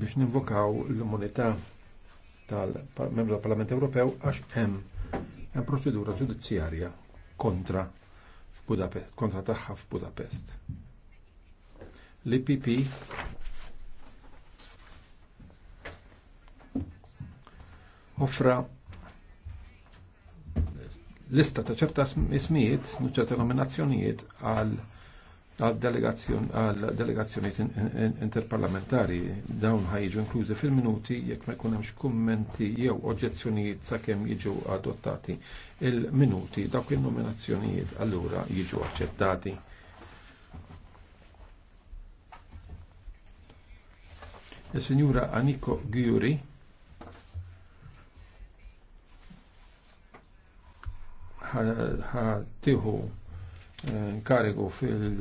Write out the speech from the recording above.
biex ninvokaw l-immunità tal-membru tal-Parlament Ewropew għax hemm hemm proċedura ġudizzjarja kontra f'Budapest, kontra tagħha f'Budapest. L-IPP offra lista ta' ċerta ismijiet, ċerta nominazzjonijiet għal għal-delegazzjoni interparlamentari dawn ħajġu inklużi fil-minuti jekk ma jkun hemmx kummenti jew oġġezzjonijiet sakemm jiġu adottati il-minuti dawk il-nominazzjonijiet allura jiġu aċċettati. Il-Sinjura Aniko Gjuri ħatiħu eh, karigu fil-